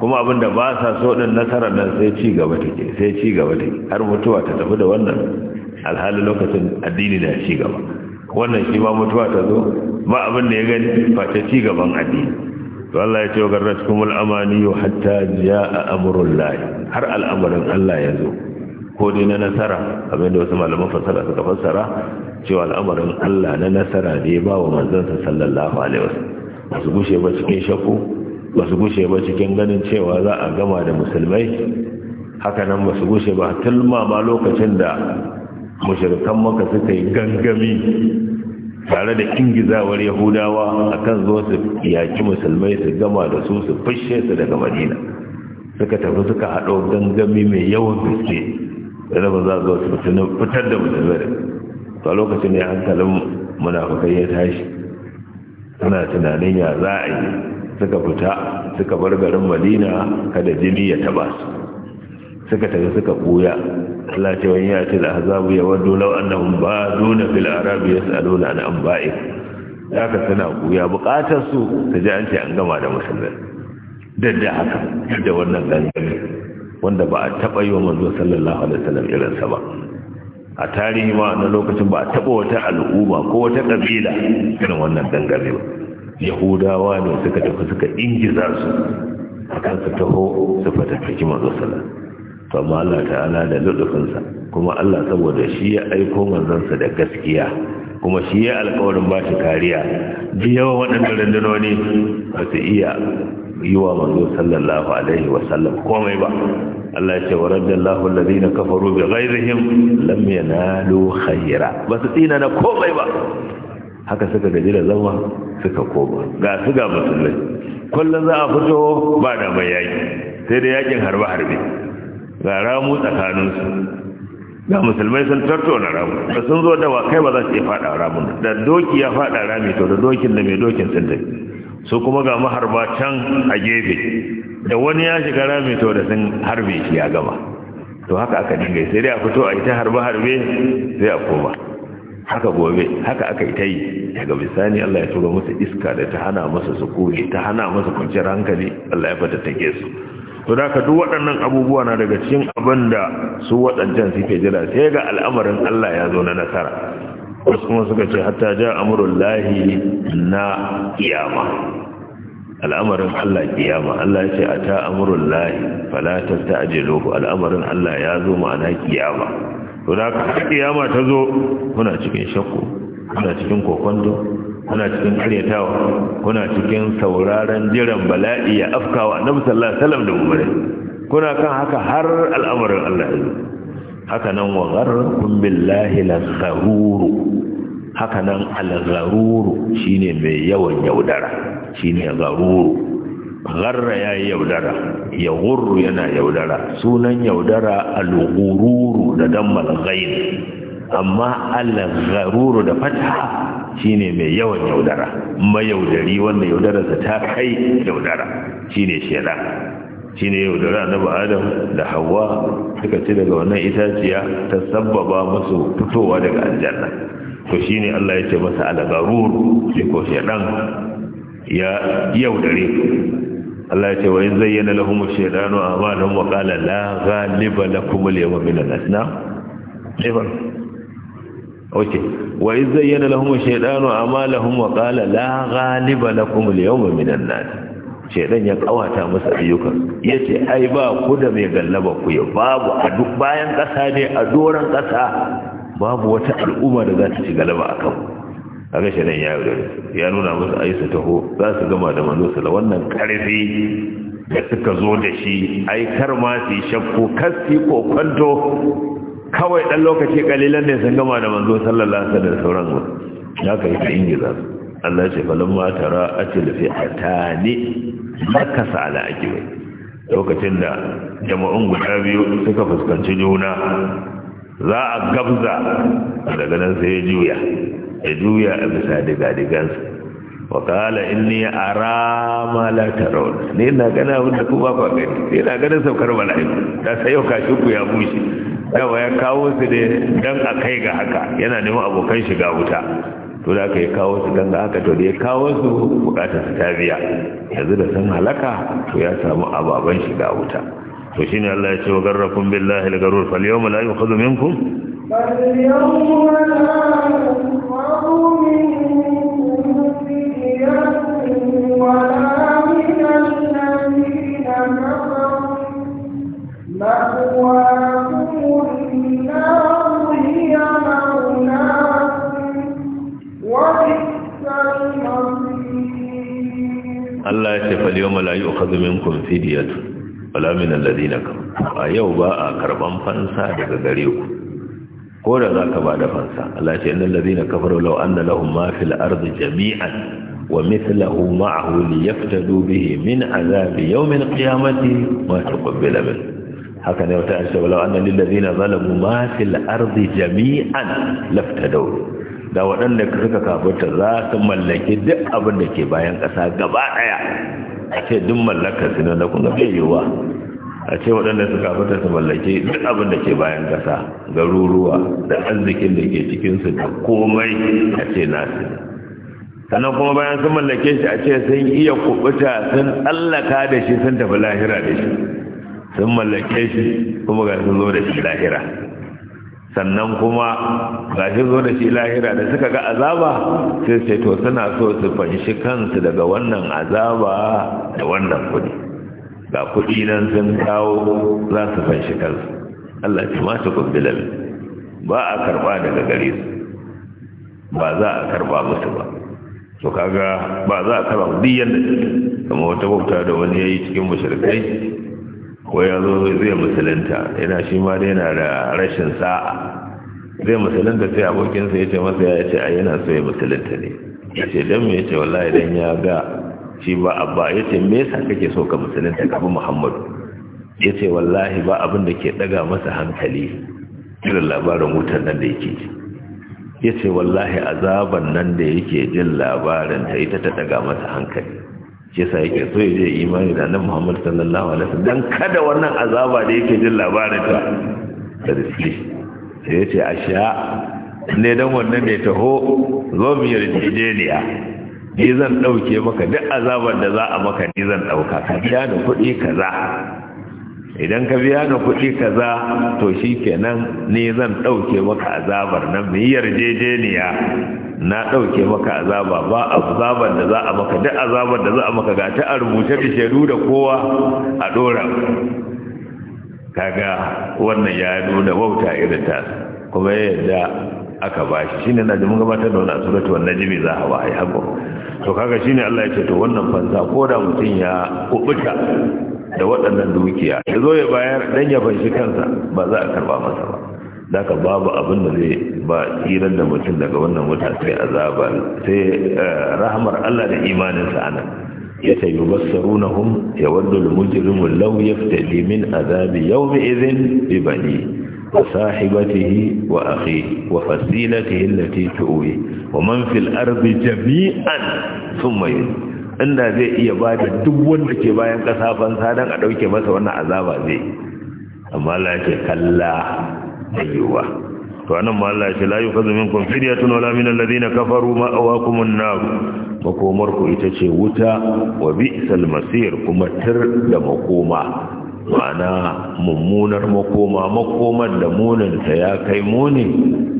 S2: kuma abin da ba sa so din nasarar nan sai ci gaba take sai ci gaba take har mutuwa ta tafi da wannan alhali lokacin addini na ci gaba wannan shi ma mutuwa ta zo ba abin da ya gani face ci gaban addini to Allah ya ce garratkum amani hatta jaa amrullah har al'amarin Allah ya zo ko dai na nasara abin da wasu malaman fasara suka fassara cewa al'amarin Allah na nasara ne ba wa manzansa sallallahu alaihi wasallam ba su gushe ba cikin shakku ba su gushe ba cikin ganin cewa za a gama da musulmai haka nan ba su gushe ba tilma ma lokacin da mushrikan maka suka yi gangami tare da ingizawar yahudawa akan zo su yaki musulmai su gama da su su fushe su daga madina suka tafi suka haɗo gangami mai yawan gaske da zama za zo su fitar da musulmai a lokacin ne hankalin munafukai ya tashi suna tunanin ya za yi suka fita suka bar garin madina kada jini ya taba su suka tafi suka koya. Allah ce wani ya ce da azabu ya waddo lau annahum ba duna fil arabi yasaluna an anba'ik haka suna koya bukatar su ta ji an ce an gama da musulmai duk da haka da wannan gangami wanda ba a taba yi wa manzo sallallahu alaihi wasallam irin sa ba a tarihi ma na lokacin ba a taba wata al'umma ko wata kabila irin wannan gangami ba yahudawa ne suka tafi suka ingiza su akan su taho su fiki manzo sallallahu amma Allah ta'ala da lutufinsa kuma Allah saboda shi ya aiko manzansa da gaskiya kuma shi ya alkawarin ba shi kariya ji yawan waɗanda rundunoni ba su iya yi wa manzo sallallahu alaihi wasallam komai ba Allah ya ce wa raddallahu na kafaru bi ghayrihim lam yanalu khayra ba su tsina na komai ba haka suka gaji da zama suka koma ga su ga musulmai kullum za a fito ba da mai yaki sai da yakin harbe harbe ga ramu tsakaninsu ga musulmai sun na ramu da sun zo da wa kai ba za su iya faɗa ramun da doki ya faɗa rami to da dokin da mai dokin sun tafi su kuma ga maharba can a gefe da wani ya shiga rami to da sun harbe shi ya gama to haka aka dinga sai dai a fito a ita harbe harbe sai a koma haka gobe haka aka yi ta yi daga bisani Allah ya turo musu iska da ta hana masa sukuni ta hana masa kwanciyar hankali Allah ya take su to da ka duk waɗannan abubuwa na daga cikin abin da su waɗancan suke jira sai ga al'amarin Allah ya zo na nasara wasu kuma suka ce hatta ja amurin lahi na kiyama al'amarin Allah kiyama Allah ya ce ta amurin lahi Falatar ta aje lobo al'amarin Allah ya zo ma'ana kiyama to da ka kiyama ta zo muna cikin shakku muna cikin kokonto kuna cikin karyatawa kuna cikin sauraron jiran bala'i ya afkawa na musallar salam da Umarai? kuna kan haka har al'amarin Allah ya haka nan wa gharrakum billahi lazaruru haka nan al shi shine mai yawan yaudara shine zaruru gharra ya yi yaudara ya gurru yana yaudara sunan yaudara al da dammal ghain amma al da fatha shine mai yawan yaudara mayaudari wanda yaudararsa ta kai yaudara shine shedan shine yaudara na adam da hawa suka ci daga wannan itaciya ta sabbaba musu fitowa daga aljanna to shine Allah ya ce masa al garur shi ko shedan ya yaudare Allah ya ce wa in zayyana lahum ash-shaytanu a'malahum wa qala la ghaliba lakum al-yawma min al-asnam ok wa iz zayyana lahum shaytanu a'malahum wa qala la na lakum al-yawma minan nas shaytan ya kawata musu ayyukan yace ai ba ku da mai gallaba ku ya babu a duk bayan kasa ne a doran kasa babu wata al'umma da za ta ci galaba akan kaga shaytan ya yaudare ya nuna musu aisa taho za su gama da manzo da wannan karfi da suka zo da shi aikar kar ma su shakku kasti ko kwanto kawai dan lokaci kalilan ne sun gama da manzo sallallahu alaihi wasallam sauran mu ya kai ta ingiza Allah ce falan ma tara atil atani makasa sala ajibai lokacin da jama'un guda biyu suka fuskanci juna za a gabza daga nan sai juya ya juya a bisa diga-digansa wakala inni ara ma la tarawun ne na gana wanda ku ba ku gani ne na ganin saukar mala'iku da sai yau ka ku ya bushe yawa ya kawo su ne don a kai ga haka yana neman abokan shiga wuta to da aka yi kawo su don haka to da ya kawo su bukatar su ta biya yanzu da sun halaka to ya samu ababen shiga wuta to shine Allah ya ce wa garrafun billahi al-garur fal yawma la yu'khadhu minkum
S1: fal yawma
S2: Allah ya ce falyoma la yu'khadhu minkum fidyatun wala min alladhina kafaru a yau ba a karban fansa daga gare ku ko da zaka ba da fansa Allah ya ce innal ladhina kafaru law anna lahum ma fil ardi jami'an wa mithluhu ma'ahu liyaftadu bihi min azabi yawm alqiyamati ma taqabbala min haka ne wata ce law anna lil ladhina zalamu ma fil ardi jami'an laftadaw da waɗanda suka kafurta za su mallaki duk abin da ke bayan ƙasa gaba ɗaya a ce duk mallakar su na kuma ga yiwuwa a ce waɗanda suka kafurta su mallaki duk abin da ke bayan ƙasa garuruwa da arzikin da ke cikinsu da komai a ce nasu sannan kuma bayan sun mallake shi a ce sun iya kubuta sun tsallaka da shi sun tafi lahira da shi sun mallake shi kuma ga sun zo da shi lahira sannan kuma ga shi zo da shi lahira da suka ga azaba sai sai to suna so su fanshi kansu daga wannan azaba da wannan kudi ga kudi nan sun kawo za su fanshi kansu Allah ce ma su kubbilal ba a karba daga gare su ba za a karba musu ba to kaga ba za a karba diyan da kuma wata bauta da wani yayi cikin mushrikai ko ya zo zai musulunta yana shi ma dai yana da rashin sa'a zai musulunta sai abokinsa ya ce masa ya ce ai yana so ya musulunta ne ya ce don me ce wallahi dan ya ga shi ba abba ya ce me yasa kake so ka musulunta ka muhammadu ya ce wallahi ba abin da ke daga masa hankali irin labarin wutar nan da yake ji ya ce wallahi azaban nan da yake jin labarin ta ita ta daga masa hankali shi yake so ya je imani da nan Muhammad sallallahu alaihi wasallam dan kada wannan azaba da yake jin labarin ta da rishi sai ya ce asha ne dan wannan ne taho zo mu yarjejeniya ni zan dauke maka duk azaban da za a maka ni zan dauka ka biya da kuɗi kaza idan ka biya na kuɗi kaza to shi kenan ne zan ɗauke maka azabar nan mai yarjejeniya na ɗauke maka azaba ba azabar da za a maka duk azabar da za a maka gata a rubuce da shaidu da kowa a ɗora kaga wannan ya nuna wauta irin ta kuma yadda aka bashi shine na jimin gabatar da wani asuratu wannan jimi za a yi haƙo to kaga shine Allah ya ce to wannan fansa ko da mutum ya kubuta da waɗannan dukiya ya zo ya bayar dan ya fanshi kansa ba za a karba masa ba Da ka babu abin da zai ba tsirar da mutum daga wannan wuta sai azaba sai eh, rahmar Allah da imaninsa anan ya ce yubassarunahum yawaddu al-mujrimu law yaftadi min azabi yawmi izin bi bani wa وأخيه وفصيلته التي تؤويه ومن في الأرض
S1: jami'an
S2: sun mayu. inda zai iya ba da duk wanda ke bayan ƙasa fansa don a ɗauke masa wannan azaba zai amma Allah ce kalla da yiwuwa to anan ma Allah ce la yukhadhu minkum fidyatun wala min alladhina kafaru ma'awakum an-nar makomar ku ita ce wuta wa bi'sal masir kuma tir da makoma ma'ana mummunar makoma makomar da munin ta ya kai muni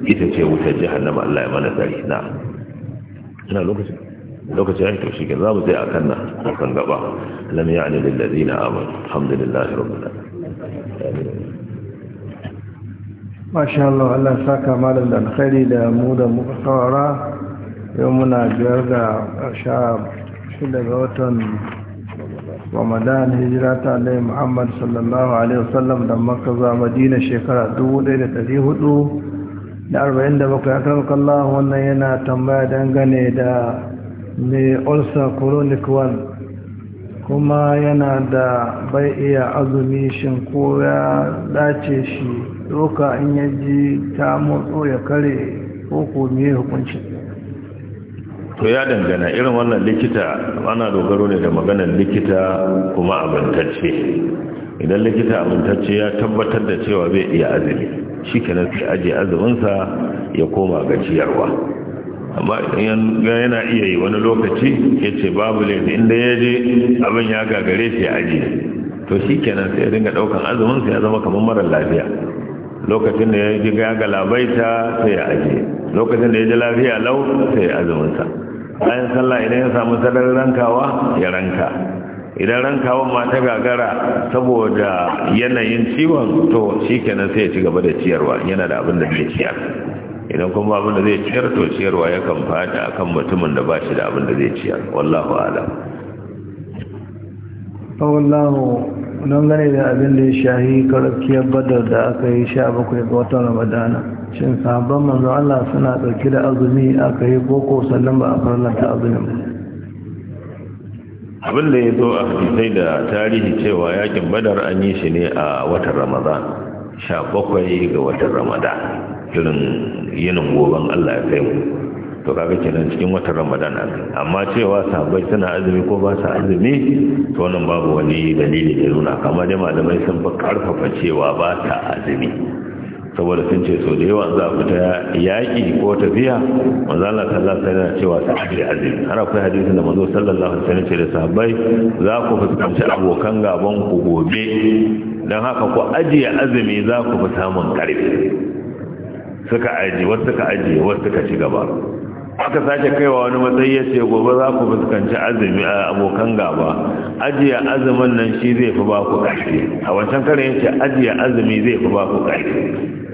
S2: ita ce wuta jahannama Allah ya mana sarki na ina lokacin lokacin ya to shi ke za mu sai a kan nan kan gaba lam ya'ni lil ladina amanu alhamdulillahi rabbil
S1: alamin
S3: masha Allah Allah saka malam da alkhairi da mu da muka saurara yau muna jiyar da sha shida ga watan ramadan hijira ta alai muhammad sallallahu alaihi wasallam da maka zuwa madina shekara da arba'in 1447 ya karɓi kallon wannan yana tambaya dangane da mai ulcer chronic kuma yana da bai iya azumi shin ko ya dace shi doka in ya ji ta motso ya kare ko ko me hukunci
S2: to ya dangana irin wannan likita ana dogaro ne da maganar likita kuma abintacce idan likita amintacce ya tabbatar da cewa zai iya azumi shi kenan sai aje azuminsa ya koma ga ciyarwa amma yana iya yi wani lokaci ya ce babu laifi inda ya je abin ya gagare shi ya ajiye to shi kenan sai ya dinga ɗaukan azumin sai ya zama kamar marar lafiya lokacin da ya ji galabaita sai ya ajiye lokacin da ya ji lafiya lau sai ya azuminsa bayan sallah idan ya samu sadar rankawa ya ranka idan rankawa ma ta gagara saboda yanayin ciwon to shi kenan sai ya ci gaba da ciyarwa yana da abin da zai ciyar idan kuma abin da zai ciyar to ciyarwa yakan fada akan mutumin da ba shi da abin da zai ciyar wallahu alam
S3: wallahu don gane da abin da ya shahi karakiyar badar da aka yi sha bakwai ga watan ramadana shin sahabban manzo Allah suna ɗauki da azumi aka yi koko sallan ba a farlanta azumin
S2: abin da ya zo a hadisai da tarihi cewa yakin badar an yi shi ne a watan ramadan sha bakwai ga watan ramadan irin yinin goben Allah ya kai mu to kaga kenan cikin watan Ramadan amma cewa sabai suna azumi ko ba sa azumi to wannan babu wani dalili da nuna kamar dai malamai sun fa karfafa cewa ba ta azumi saboda sun ce so da yawa za ku ta yaƙi ko tafiya manzo Allah sallallahu alaihi wasallam cewa sahabi azumi har akwai hadisin da manzo sallallahu alaihi wasallam ce da sahabbai za ku fuskanci abokan gaban ku gobe dan haka ku ajiye azumi za ku fi samun karfi suka aji wasu suka aji wasu suka ci gaba aka sake kaiwa wani matsayi ya ce gobe za ku fuskanci azumi a abokan gaba ajiya azumin nan shi zai fi ba ku ƙarfi a wancan karin ya ce ajiya azumi zai fi ba ku ƙarfi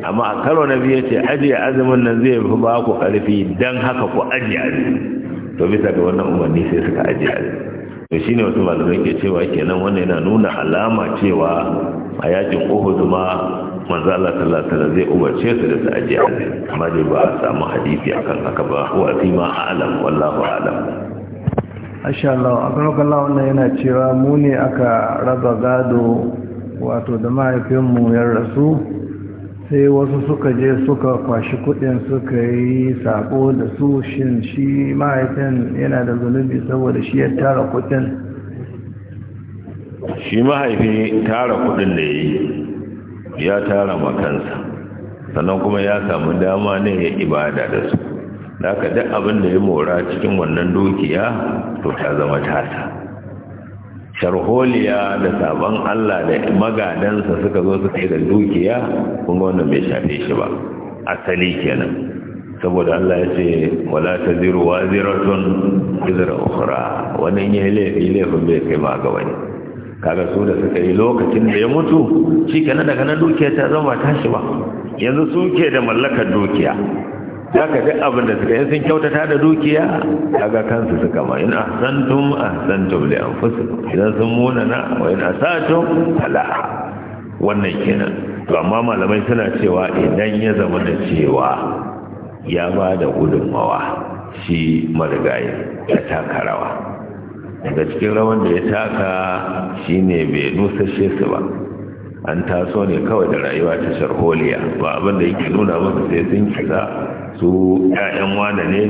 S2: amma a karo na biyu ya ce ajiya azumin nan zai fi ba ku ƙarfi don haka ku ajiya azumi to bisa ga wannan umarni sai suka ajiya azumi shi ne wasu malamai ke cewa kenan wannan yana nuna alama cewa a yakin Uhud ma manzo Allah sallallahu alaihi wasallam zai umarce su da su aje azumi amma dai ba a samu hadisi akan haka ba wa fi ma a'lam wallahu a'lam
S3: Asha Allah akwai Allah wannan yana cewa mu ne aka raba gado wato da mahaifinmu ya rasu sai wasu suka je suka kwashi kudin suka yi sako da su shin shi mahaifin yana da zunubi saboda shi ya tara kudin
S2: shi mahaifi tara kudin da ya yi ya tara makansa sannan kuma ya samu dama ne ya ibada da su da aka duk abin da ya mora cikin wannan dukiya to ta zama tasa sharholiya da sabon Allah da magadansa suka zo suka yi da dukiya kun ga wannan bai shafe shi ba asali kenan saboda Allah ya ce wala taziru waziratun izra ukhra wannan yayi laifi laifin bai kai ma ga wani kaga su da suka yi lokacin da ya mutu Shi kana daga nan dukiya ta zama tashi ba yanzu suke da mallakar dukiya haka duk abin da suka yi sun kyautata da dukiya daga kansu suka ma in ahsantum ahsantum li anfusikum idan sun munana wa in asatum fala wannan kenan to amma malamai suna cewa idan ya zama da cewa ya ba da gudunmawa shi marigayi ya taka rawa daga cikin rawan da ya taka shine bai nusashe su ba an taso ne kawai da rayuwa ta sharholiya ba abin da yake nuna masa sai sun kira su ƴaƴan wane ne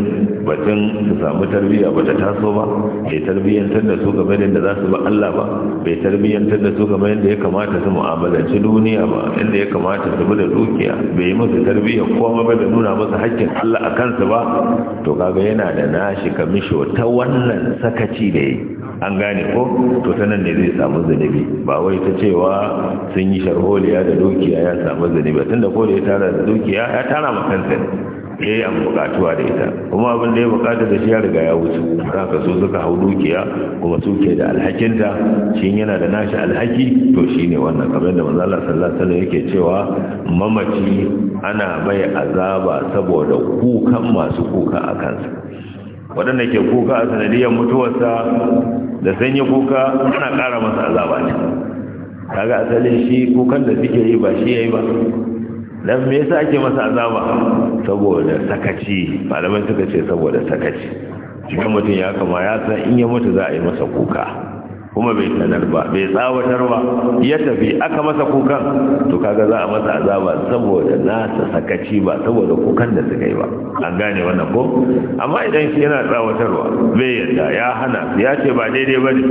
S2: batun su samu tarbiyya ba ta taso ba bai tarbiyyantar da su game da za su ba Allah ba bai tarbiyyantar da su game da ya kamata su mu'amalanci duniya ba inda ya kamata su da dukiya bai musu tarbiyya ko ba da nuna musu haƙƙin Allah a kansu ba to kaga yana da nashi kamisho ta wannan sakaci da yi an gane ko to ta nan ne zai samu zanibi ba wai ta cewa sun yi sharholiya da dukiya ya samu zanibi tunda ko da ya tara da dukiya ya tara ma kansa ne ya yi bukatuwa da ita kuma abin da ya bukata da shi ya riga ya wuce za ka so suka hau dukiya kuma su ke da alhakinta shi yana da nashi alhaki to shi ne wannan kamar da manzala sallallahu alaihi yake cewa mamaci ana bai azaba saboda kukan masu kuka a kansa waɗanda ke kuka a sanadiyar mutuwarsa da sanyi kuka ana kara masa azaba ne kaga asalin shi kukan da suke yi ba shi ya yi ba dan me yasa ake masa azaba saboda sakaci malamai suka ce saboda sakaci idan mutum ya kama ya san in ya mutu za a yi masa kuka kuma bai sanar ba bai tsawatar ba ya tafi aka masa kukan to kaga za a masa azaba saboda ta sakaci ba saboda kukan da suka yi ba an gane wannan ko amma idan shi yana tsawatarwa bai yadda ya hana ya ce ba daidai ba ne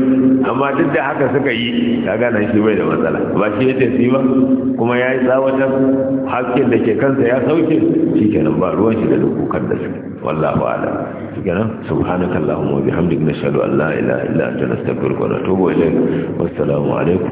S2: amma duk da haka suka yi kaga nan shi bai da matsala ba shi ya tafi ba kuma ya yi tsawatar hakkin da ke kansa ya sauke shikenan ba ruwan shi da duk kukan da suka wallahu a'lam shikenan subhanakallahumma wa bihamdika nashhadu an la ilaha illa anta nastaghfiruka wa natubu وتوبوا إلينا والسلام عليكم